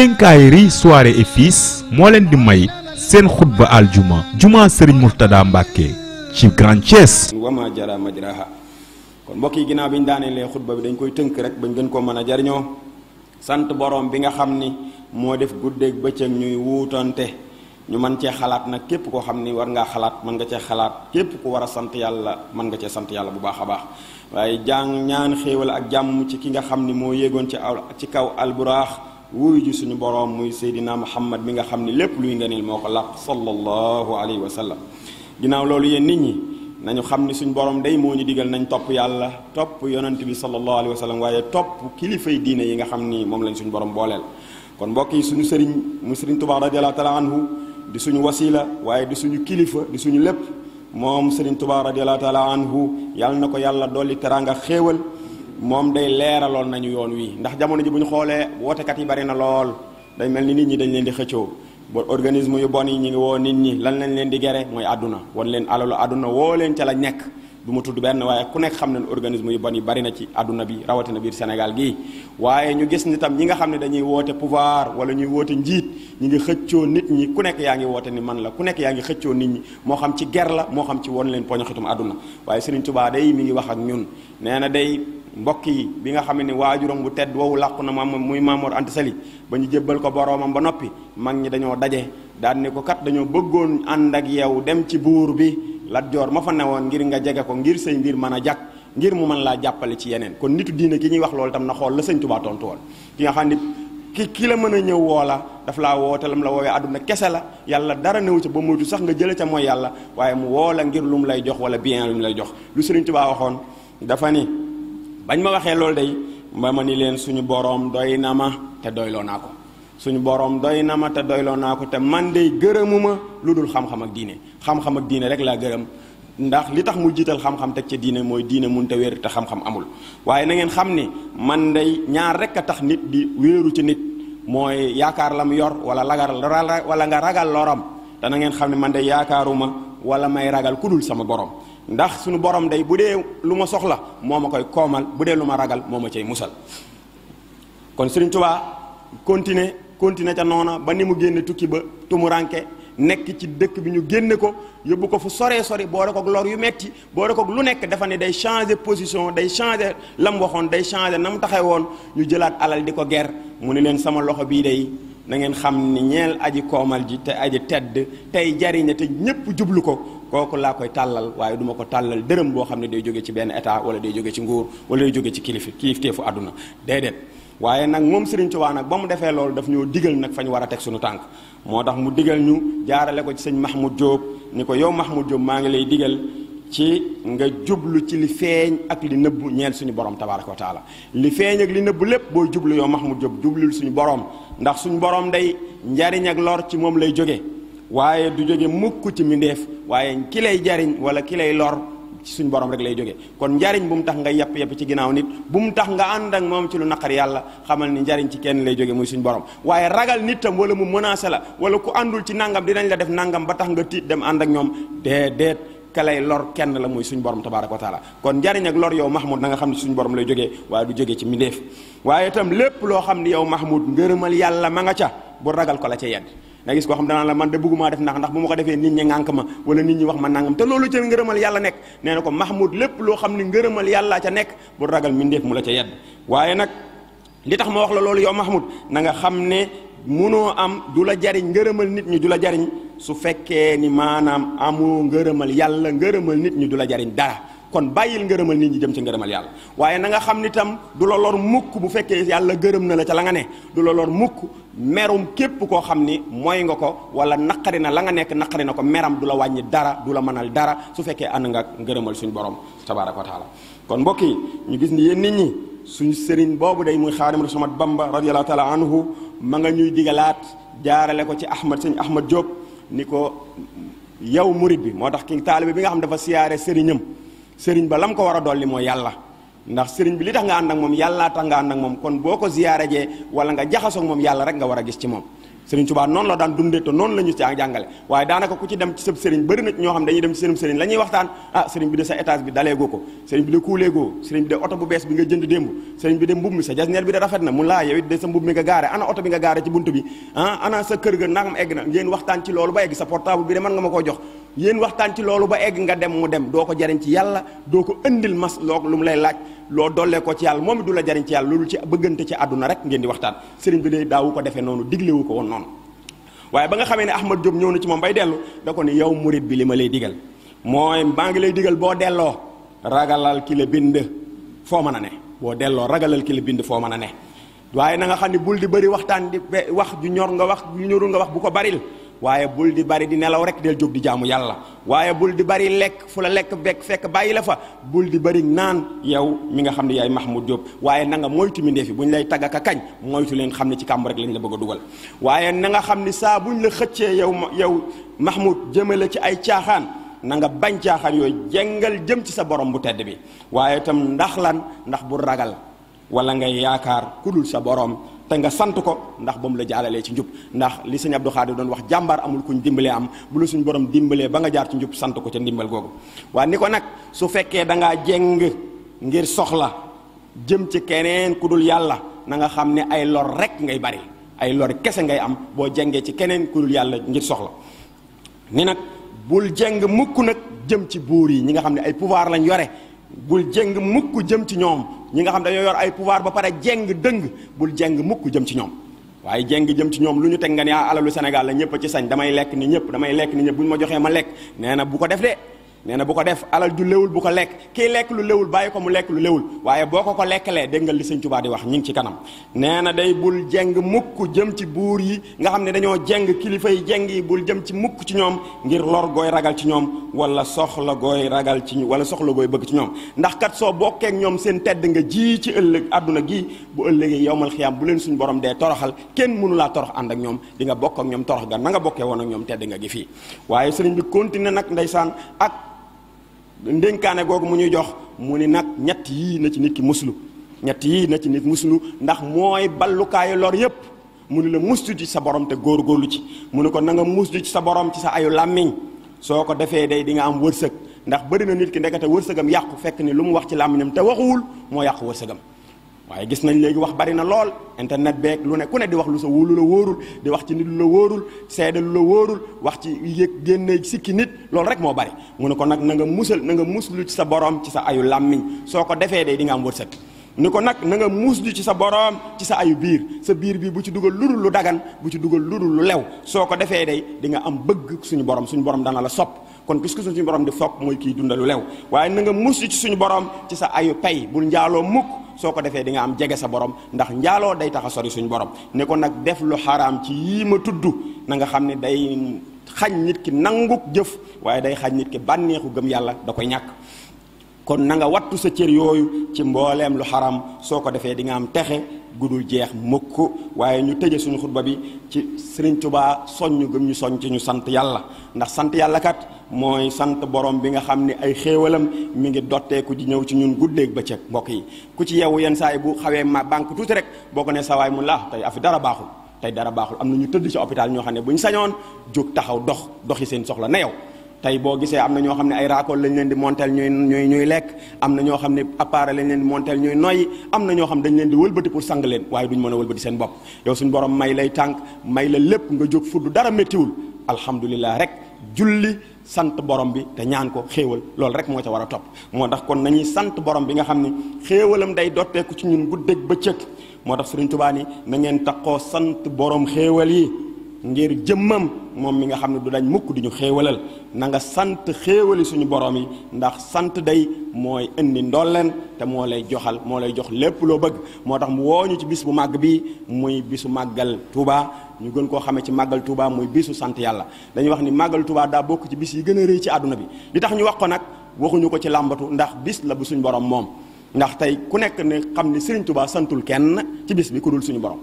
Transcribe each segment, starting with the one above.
dénkaay ri soirée et fils mo len di may sen khutba al juma juma serigne Murtada mbake ci Grand chess wama jara majraha kon mbokk yi ginnaaw bi ñu daaneelee xutba bi dañ koy teunk rek bañ gën ko mëna jarño sante borom bi nga xamni mo def goudé ak guddeeg ak ñuy wuutante ñu man ci xalaat nak képp ko xamni war nga xalaat man nga ci xalaat képp ko wara sante yalla man nga ci sante yalla bu baaxa baax waye jang ñaan xéewal ak jamm ci ki nga xamni mo moo ci ci kaw al burakh wuyu ji suñu boroom muy seydina muhammad mi nga xam ne lépp luy ngeneel moo ko làq sallallahu alayhi wa sallam ginnaaw loolu yéen nit ñi nañu xam ni suñu borom day moo ñu digal nañ topp yàlla topp yonent bi sallallahu alayhi wa sallam waaye topp kilifay diine yi nga xam ni moom lañ suñu borom booleel kon mbokk yi suñu sëriñ mu sëriñ Tuubaa radiallahu taala anhu di suñu wasila waaye di suñu kilifa di suñu lépp moom sëriñ Tuubaa radiallahu taala anhu yàlla na ko yàlla dolli teraanga xéewal moom day leeraloon nañu yoon wi ndax jamono ji bu ñu xoolee wootekat yi bari na lool day mel ni nit ñi dañ leen di xëccoo ba organisme yu bon yi ñu ngi woo nit ñi lan lañ leen di gere mooy àdduna wan leen alalu àdduna woo leen ca la nekk du ma tudd benn waaye ku nekk xam ne organisme yu bon yi bari ci àdduna bi rawatina biir Sénégal gii waaye ñu gis ni tam ñi nga xam ne dañuy woote pouvoir wala ñuy woote njiit ñi ngi xëccoo nit ñi ku nekk yaa ngi woote ni man la ku nekk yaa ngi xëccoo nit ñi moo xam ci ger la moo xam ci won leen poñaxitum àdduna waaye Serigne Touba day mi ngi wax ak ñun nee na day mbokk yi bi nga xam ne waajuram bu tedd woowu làqu na maam muy Maamoor Anta Sali ba ñu jébbal ko boroomam ba noppi mag ñi dañoo daje daal ne ko kat dañoo bëggoon ànd ak yow dem ci buur bi Lat Joor ma fa ne woon ngir nga jege ko ngir say mbir mën a jàkk ngir mu mën laa jàppale ci yeneen kon nitu diine ki ñuy wax loolu tam na xool la sëñ Tuubaa tontu woon ki nga xam ne ki ki la mën a ñëw woo la daf laa woote lam la woowee àdduna kese la yàlla dara néew ca ba moytu sax nga jële ca mooy yàlla waaye mu woo la lu mu lay jox wala bien lu mu lay jox lu sëriñ Tuubaa waxoon bañ ma waxee loolu day ma ma ni leen suñu borom doy nama ma te doyloo naa suñu borom doy nama ma te doyloo naa ko te man day gërëmuma lu dul xam-xam ak diine xam-xam ak diine rek laa gërëm ndax li tax mu jiital xam-xam teg ci diine mooy diine wér te xam-xam amul waaye na ngeen xam ni man day ñaar rek a tax nit di wéeru ci nit mooy yaakaar lam yor wala lagar wala nga ragal loram da na ngeen xam ni man day yaakaaruma wala may ragal kudul sama borom ndax suñu borom day bu dee lu ma soxla moo ma koy koomal bu dee lu ma ragal moo ma cay musal kon Sëriñ Tuubaa continuer continuer ca noona ba ni mu génne tukki ba tumuranke nekk ci dëkk bi ñu génne ko yóbbu ko fu soree sori boole kook lor yu metti boole kook lu nekk dafa ne day changer position day changer lam waxoon day changer na mu taxee woon ñu jëlaat alal di ko ger mu ne leen sama loxo bii day na ngeen xam ni ñeel aji koomal ji te aji tedd tey jariñe te jublu ko kooku laa koy tàllal waaye duma ko tàllal dërëm boo xam ne day jóge ci benn état wala day jóge ci nguur wala day jóge ci kilifi kilifteefu àdduna déedéet waaye nag moom Serigne Touba nag ba mu defee loolu daf ñoo digal nag fa ñu war a teg suñu tànk moo tax mu digal ñu jaarale ko ci sëñ Mahmoud Diop ni ko yow Mahmoud jóob maa ngi lay digal ci nga jublu ci li feeñ ak li nëbbu ñeel suñu borom tabaaraka li feeñ ak li nëbbu lépp boo jublu yow Mahmoud Diop jublul suñu borom ndax suñu borom day njariñ ak lor ci moom lay jóge waaye du jóge mukk ci mbindeef waaye ki lay jariñ wala ki lay lor ci suñ borom rek lay jóge kon njariñ bu mu tax nga yàpp yàpp ci ginnaaw nit bu mu tax nga ànd ak moom ci lu naqar yàlla xamal ni njariñ ci kenn lay jóge muy suñ borom waaye ragal tam wala mu menacé la wala ku àndul ci nangam dinañ la def nangam ba tax nga tiit dem ànd ak ñoom déedéet ka lor kenn la muy suñ borom tabaraka wa taala kon njariñ ak lor yow mahmoud na nga xam ne suñ borom lay jógee waaye du jógee ci mbindeef waaye itam lépp loo xam ne yow mahmoud ngërëmal yàlla ma nga ca bu ragal ko la ca yedd nga gis koo xam danaan la man de bëggumaa def ndax ndax bu ma ko defee nit ñi ŋànk ma wala nit ñi wax ma nangam te loolu ca ngërëmal yàlla nekk nee na ko mahmoud lépp loo xam ne ngërëmal yàlla ca nekk bu ragal mindeef mu la ca yedd waaye nag li tax ma wax la loolu yow mahmoud na nga xam ne munoo am du la jariñ ngërëmal nit ñi du la jariñ su fekkee ni maanaam amu ngërëmal yàlla ngërëmal nit ñi du la jariñ dara kon bàyyil ngërëmal nit ñi jëm ci ngërëmal yàlla waaye na nga xam ni tam du la lor mukk bu fekkee yàlla gërëm na la ca la nga ne du la lor mukk merum képp koo xam ni mooy nga ko wala naqari na la nga nekk naqari na ko meram du la wàññi dara du la mënal dara su fekkee ànd nga ngërëmal suñu borom tabaaraka wa taala kon mbokk yi ñu gis ni yéen nit ñi suñ sëriñ boobu day muy xaadimu samad bamba radiallahu taala anhu ma nga ñuy digalaat jaarale ko ci ahmad sëñ ahmad Diop ni ko yow murid bi moo tax ki taalibe bi nga xam dafa siyaare sëriñam sëriñ ba lam ko war a dolli mooy yàlla ndax sëriñ bi li tax nga ànd ak moom yàllaa tax nga ànd ak moom kon boo ko ziyaare jee wala nga jaxasoog moom yàlla rek nga war a gis ci moom sëriñ Tuubaa noonu la daan dundee te noonu la ñu ci jàngale waaye daanaka ku ci dem ci sëb sëriñ bëri na ñoo xam dañuy dem ci seenum sëriñ la ñuy ah bi de sa ko sëriñ bi de kuuleegoo sëriñ bi de oto bu bees bi nga jënd démb sëriñ bi de mbub mi sa jasneer bi de rafet na mu laa yow it de sa mbub mi nga gaare ana oto bi nga gaare ci bunt bi ah ana sa bi de mën nga ma koo jox Yen waxtaan ci loolu ba egg nga dem mu dem doo ko jariñ ci yàlla doo ko mas loo lu mu lay laaj loo dollee ko ci yàlla moom du la jariñ ci yàlla loolu ci bëggante ci àdduna rek ngeen di waxtaan sëriñ bi day daawu ko defee noonu wu ko woon noonu waaye ba nga xamee ne ahmad diop ñëw na ci moom bay dellu da ko ne yow murid bi li ma lay digal mooy maa ngi lay digal boo delloo ragalal ki la bind foo mën ne boo delloo ragalal ki la bind foo mën a ne waaye na nga xam bul di bëri waxtaan di wax ju ñor nga wax ju ñorul nga wax bu ko baril waaye bul di bari di nelaw rek del jóg di jaamu yàlla waaye bul di bari lekk fu la lekk bekk fekk bàyyi la fa bul di bari naan yow mi nga xam ne yaay Mahmoud Diop waaye na nga moytu fi bu ñu lay taggaka kañ moytu leen xam ne ci kàmb rek lañ la bëgg dugal waaye na nga xam ni saa buñ la xëccee yow yow Mahmoud jëmale ci ay caaxaan nanga nga bañ caaxaan yooyu jengal jëm ci sa borom bu tedd bi waaye itam ndax lan ndax bu ragal wala ngay yaakaar ku sa borom te nga sant ko ndax ba mu la jaalalee ci njub ndax li sëñ Abdou Khadir doon wax jàmbar amul ñu dimbalee am bu la suñ borom dimbalee ba nga jaar ci njub sant ko ca ndimbal googu waaye ni ko nag su fekkee da ngaa jéng ngir soxla jëm ci keneen ku dul yàlla na nga xam ne ay lor rek ngay bari ay lor kese ngay am boo jengee ci keneen ku yàlla ngir soxla ni nag bul jëng mukk nag jëm ci buur yi ñi nga xam ne ay pouvoir lañ yore bul jëng mukk jëm ci ñoom ñi nga xam dañoo yor ay pouvoir ba pare jeng dëng bul jeng mukk jëm ci ñoom waaye jeng jëm ci ñoom lu ñu teg nga a ah, alalu Sénégal la ñëpp a ci sañ damay lekk ni ñëpp damay lekk ni ñëpp bu ñu ma joxee ma lekk nee na bu ko def de nee na bu ko def alal ju léwul bu ko lekk kii lekk lu léwul bàyyi ko mu lekk lu léwul waaye boo ko ko lekkalee dégg nga li sëñ Tuubaa di wax ñu ngi ci kanam nee na day bul jeng mukk jëm ci buur yi nga xam ne dañoo jeng kilifa yi jeng yi bul jëm ci mukk ci ñoom ngir lor gooy ragal ci ñoom wala soxla gooy ragal ci wala soxla gooy bëgg ci ñoom ndax kat soo bokkeek ñoom seen tedd nga ji ci ëllëg àdduna gi bu ëllëgee yowmal xiyaam bu leen suñu borom dee toroxal kenn mënu laa torox ànd ñoom di nga bokk ñoom torox ga na nga bokkee woon ak ñoom tedd nga gi fii waaye sëriñ bi ak ndénkaane googu mu ñuy jox mu ni nag ñett yii na ci nit ki muslu ñett yii na ci nit muslu ndax mooy ballukaayu lor yépp mu ni la muslu ci sa borom te góor góorlu ci mu ni ko nanga nga muslu ci sa borom ci sa ayu làmmiñ soo ko defee dey di nga am wërsëg ndax bëri na nit ki ndekete wërsëgam yàqu fekk ni lu mu wax ci làmmiñam te waxuwul moo yàqu wërsëgam waaye gis nañ léegi wax bari na lool internet beeg lu ne ku ne di wax lu sa wóolu la wóorul di wax ci nit lu la wóorul seede lu la wóorul wax ci yëg génne sikki nit loolu rek moo bari mu ne ko nag na nga musal na nga muslu ci sa borom ci sa ayu làmmiñ soo ko defee de di nga am wërsëg ni ko nag na nga muslu ci sa borom ci sa ayu biir sa biir bi bu ci dugal ludul lu dagan bu ci dugal ludul lu lew soo ko defee day di nga am bëgg suñu borom suñu borom dana la sopp kon puisque suñu borom di fopp mooy kii dundalu lew waaye na nga muslu ci suñu borom ci sa ayu pay bul njaaloo mukk soo ko defee di nga am jege sa borom ndax njaaloo day tax a sori suñu borom ne ko nag def lu xaraam ci yii ma tudd na nga xam ne day xañ nit ki nanguk jëf waaye day xañ nit ki bànneexu gëm yàlla da koy ñàkk kon na nga wattu sa cër yooyu ci mbooleem lu xaram soo ko defee di nga am texe gudul jeex mukk waaye ñu tëje suñu xutba bi ci Sëriñ Tubaa soñ gëm ñu soñ ci ñu sant yàlla ndax sant yàlla kat mooy sant borom bi nga xam ni ay xéewalam mi ngi dotteeku di ñëw ci ñun guddeeg bëccëg mbokk yi ku ci yeewu yenn saa yi bu xawee ma banque tuuti rek boo ko ne sa mu la tey afi dara baaxul tey dara baaxul am na ñu tëdd ci hôpital ñoo xam ne bu ñu sañoon jóg taxaw dox doxi seen soxla na yow tey boo gisee am na ñoo xam ne ay raakool lañ leen di monteel ñuy ñuy ñuy lekk am na ñoo xam ne appareil lañ leen di monteel ñuy noyyi am na ñoo xam dañ leen di wëlbati pour sang leen waaye duñ mën a wëlbati seen bopp yow suñ borom may lay tànk may la lépp nga jóg fuddu dara méttiwul alhamdulilah rek julli sant borom bi te ñaan ko xéewal loolu rek moo ca war a topp moo tax kon nañuy sant borom bi nga xam ne xéewalam day dotteeku ci ñun ba bëccëg moo tax Sëriñ Tuubaa ni na ngeen taxoo sant borom xéewal yi ngir jëmmam moom mi nga xam ne du dañ mukk di ñu xéewalal na nga sant xéewali suñu borom yi ndax sant day mooy indi ndolleen te moo lay joxal moo lay jox lépp loo bëgg moo tax mu woo ci bis bu màgg bi muy bisu màggal Touba ñu gën koo xamee ci màggal Touba muy bisu sant yàlla dañuy wax ni màggal Touba daa bokk ci bis yi gën a rëy ci àdduna bi li tax ñu wax ko nag waxuñu ko ci làmbatu ndax bis la bu suñu borom moom ndax tey ku nekk ne xam ni Serigne Touba santul kenn ci bis bi ku suñu borom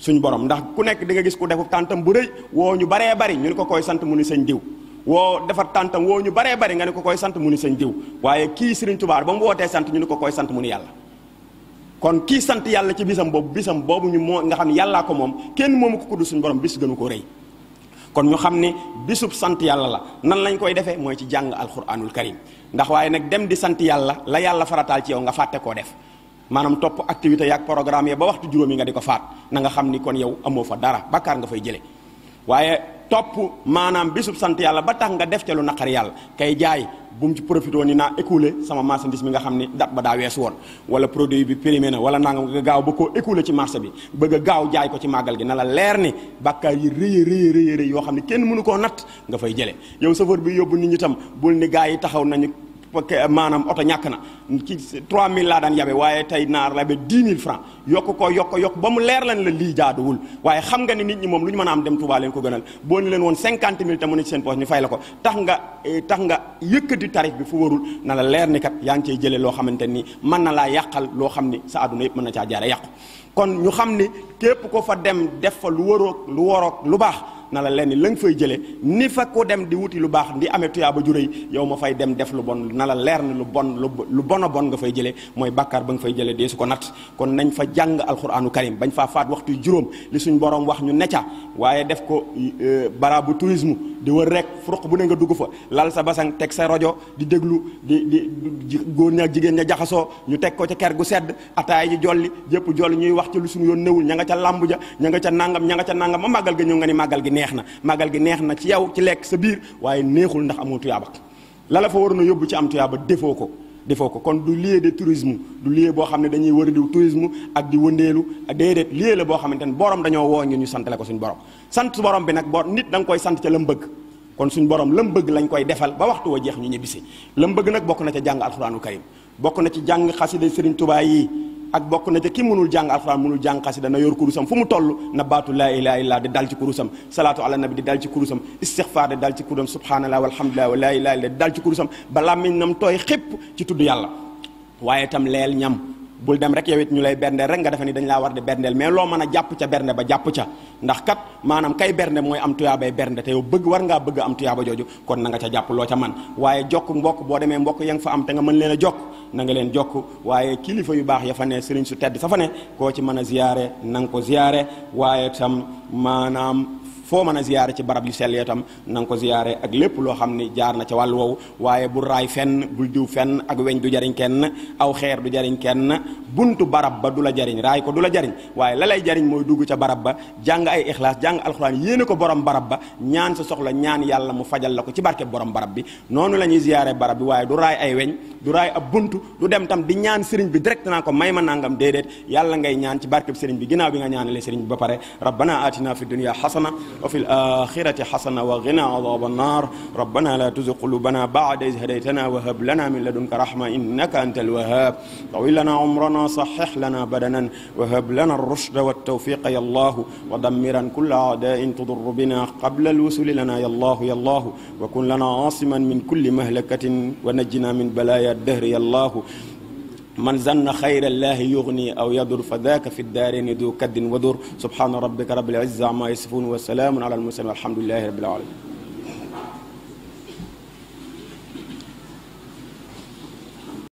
suñ borom ndax ku nekk di nga gis ku defu tantam bu reuy wo ñu bare bare ñu ko koy sant mu ni señ diw wo defar tantam wo ñu bare bare nga ni ko koy sant mu ni señ diw waye ki señ ba mu sant ñu ko koy sant mu ni yalla kon ki sant yalla ci bisam boobu bisam bobu ñu moo nga xam yalla ko mom kenn mom ko kudd suñ borom bis gënu ko reuy kon ñu xam bisub sant yalla la nan lañ koy defé moy ci jang alquranul karim ndax waye nak dem di sant yalla la yalla faratal ci yow nga ko def maanaam topp activité ak programme ya ba waxtu juróom yi nga di ko faat na nga xam ni kon yow amoo fa dara bakkaar nga fay jële waaye topp maanaam bisub sant yàlla ba tax nga def ca lu naqar yàlla kay jaay bu mu ci profité ni naa écoulé sama marchandise mi nga xam ni date ba daa weesu woon wala produit bi périmé na wala nangam nga gaaw ba koo écoulé ci marché bi bëgg gaaw jaay ko ci màggal gi na la leer ni bàkkaar yi rëy rëy rëy rëy yoo xam ne kenn mënu koo natt nga fay jële yow chauffeur bi yóbbu nit ñi tam bul gaa yi taxaw nañu maanaam oto ñàkk na ci mille laa daan yabe waaye tey naar la be 10000 francs yokk ko yokk yokk ba mu leer lan la lii jaaduwul waaye xam nga ni nit ñi moom lu ñu mën a am dem Touba leen ko gënal boo ni leen woon 50000 te mu ne fay la ko tax nga eh, tax nga yëkkati tarif bi fu warul na la leer ni kat yaa ngi cey jëlee loo xamante ni man na laa yàqal loo xam ni sa àdduna yëpp mën na caa jaare yàqu kon ñu xam ni képp ko fa dem def fa lu waroog lu waroog lu baax na la lenn la fay jëlee ni fa ko dem di wuti lu bax di amé yow ma fay dem def lu bon na la leer ni lu bon lu bono bon nga fay jëlee moy bakkar ba nga fay jëlee dee ko nat kon nañ fa jang alquranu karim bañ fa faat waxtu juroom li suñ borom wax ñu neca waye def ko euh, tourisme di wër rek furuq bu ne nga dugg fa lal sa basang tek sa rojo di deglu di di goor ñak jigéen ñak jaxaso ñu tek ko ci ker gu sedd ataay ji jolli jep jolli ñuy wax ci lu suñu yon neewul ña nga ca lamb ja ña ca nangam ña ca nangam ma magal ga ñu nga ni magal gi neex na màggal gi neex na ci yow ci lekk sa biir waaye neexul ndax amoo tuyaaba la la fa yóbbu ci am tuyaaba defoo ko defoo ko kon du lieu de tourisme du lieu boo xam ne dañuy wër di tourisme ak di wëndeelu déedéet lieu la boo xamante ne borom dañoo woo ñu santale ko suñu borom sant borom bi nag bor nit da koy sant ca la mu kon suñu borom la lañ koy defal ba waxtu wa jeex ñu ñibbisi la mu nag bokk na ca jàng alxuraanu karim bokk na ci jàng xasida Sëriñ Tuubaa ak bokk na ca ki mënul jàng alxuraan mënul jàng xasida na yor kurusam fu mu toll na baatu laa ilaha illa di dal ci kurusam salaatu ala nabi di dal ci kurusam istixfaar di dal ci kurusam subhanallah walhamdulillah laa di dal ci kurusam ba làmmiñ nam tooy xépp ci tudd yàlla waaye tam leel ñam bul dem rek yow it ñu lay berndeel rek nga defe ni dañ laa war di berndeel mais loo mën a jàpp ca bernde ba jàpp ca ndax kat maanaam kay bernde mooy am tuyaabay bernde te yow bëgg war ngaa bëgg am tuyaaba jooju kon na nga ca jàpp loo ca man waaye jokk mbokk boo demee mbokk ya nga fa am te mën leen a jokk na nga leen jokk waaye kilifa yu baax ya fa ne sëriñ su tedd sa fa ne koo ci mën a na ko waaye tam maanaam foo mën a ziyaare ci barab yu sell ya tam na nga ko ziyaare ak lépp loo xam ni jaar na ca wàll woowu waaye bu raay fenn bul diw fenn ak weñ du jariñ kenn aw xeer du jariñ kenn buntu barab ba du la jariñ raay ko du la jariñ waaye la lay jariñ mooy dugg ca barab ba jàng ay ixlaas jàng alxuraan yéene ko borom barab ba ñaan sa soxla ñaan yàlla mu fajal la ko ci barke borom barab bi noonu la ñuy ziyaare barab bi waaye du raay ay weñ du raay ab buntu du dem tam di ñaan serigne bi direct na ko mayma nangam dedet yàlla ngay ñaan ci barke serigne bi ginaaw bi nga ñaanalee serigne ba pare rabbana atina fid dunya hasana wa fil akhirati hasana wa qina adhaban nar rabbana la tuzigh qulubana ba'da idh hadaytana wa hab lana min ladunka rahma innaka antal wahhab ar-rushd wa at-tawfiq ya allah wa الرشد kull a'da'in tudur bina كل al-wusul lana ya allah ya allah wa kun lana asiman min kulli mahlakatin wa najina min balaya ad-dahr ya allah الله من ظن خير الله يغني أو يضر فذاك في الدارين ذو كد ودر سبحان ربك رب العزة عما يصفون وسلام على المرسلين والحمد لله رب العالمين